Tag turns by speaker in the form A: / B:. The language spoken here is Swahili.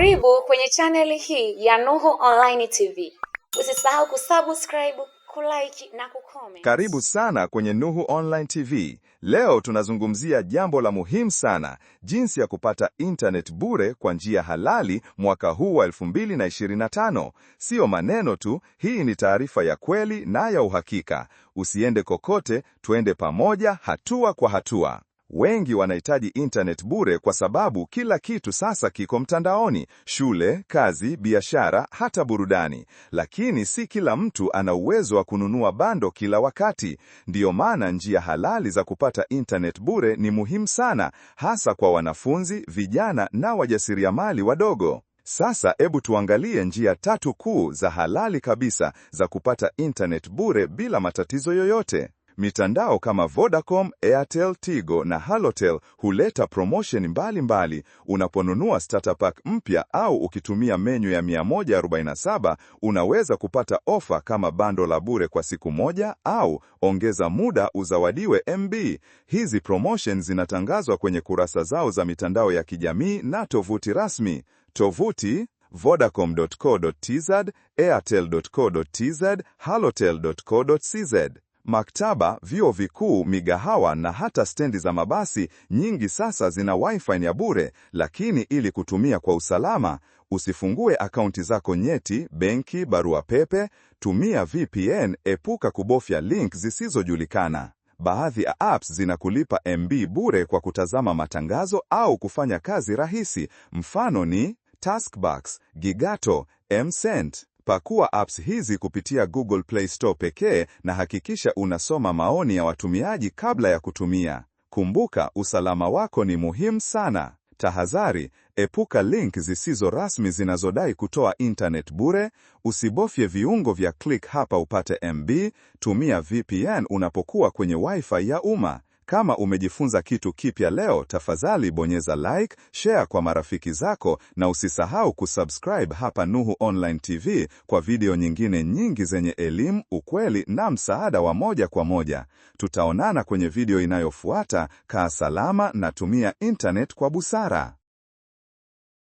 A: Karibu kwenye chaneli hii ya Nuhu Online TV. Usisahau kusubscribe, kulike na kucomment.
B: Karibu sana kwenye Nuhu Online TV. Leo tunazungumzia jambo la muhimu sana, jinsi ya kupata internet bure kwa njia halali mwaka huu wa 2025. Siyo maneno tu, hii ni taarifa ya kweli na ya uhakika. Usiende kokote, tuende pamoja hatua kwa hatua. Wengi wanahitaji internet bure kwa sababu kila kitu sasa kiko mtandaoni: shule, kazi, biashara, hata burudani. Lakini si kila mtu ana uwezo wa kununua bando kila wakati. Ndiyo maana njia halali za kupata internet bure ni muhimu sana, hasa kwa wanafunzi, vijana na wajasiriamali wadogo. Sasa hebu tuangalie njia tatu kuu za halali kabisa za kupata internet bure bila matatizo yoyote. Mitandao kama Vodacom, Airtel, Tigo na Halotel huleta promotion mbalimbali unaponunua starter pack mpya au ukitumia menyu ya 147 unaweza kupata ofa kama bando la bure kwa siku moja au ongeza muda uzawadiwe MB. Hizi promotion zinatangazwa kwenye kurasa zao za mitandao ya kijamii na tovuti rasmi. Tovuti vodacom.co.tz, airtel.co.tz, halotel.co.tz. Maktaba, vyuo vikuu, migahawa na hata stendi za mabasi nyingi sasa zina wifi ya bure, lakini ili kutumia kwa usalama, usifungue akaunti zako nyeti, benki, barua pepe, tumia VPN, epuka kubofya link zisizojulikana. Baadhi ya apps zinakulipa MB bure kwa kutazama matangazo au kufanya kazi rahisi. Mfano ni Taskbox, Gigato, Mcent. Pakua apps hizi kupitia Google Play Store pekee na hakikisha unasoma maoni ya watumiaji kabla ya kutumia. Kumbuka, usalama wako ni muhimu sana. Tahadhari: epuka link zisizo rasmi zinazodai kutoa internet bure. Usibofye viungo vya click hapa upate MB. Tumia VPN unapokuwa kwenye Wi-Fi ya umma. Kama umejifunza kitu kipya leo, tafadhali bonyeza like, share kwa marafiki zako na usisahau kusubscribe hapa Nuhu Online TV kwa video nyingine nyingi zenye elimu, ukweli na msaada wa moja kwa moja. Tutaonana kwenye video inayofuata. Kaa salama na tumia internet kwa busara.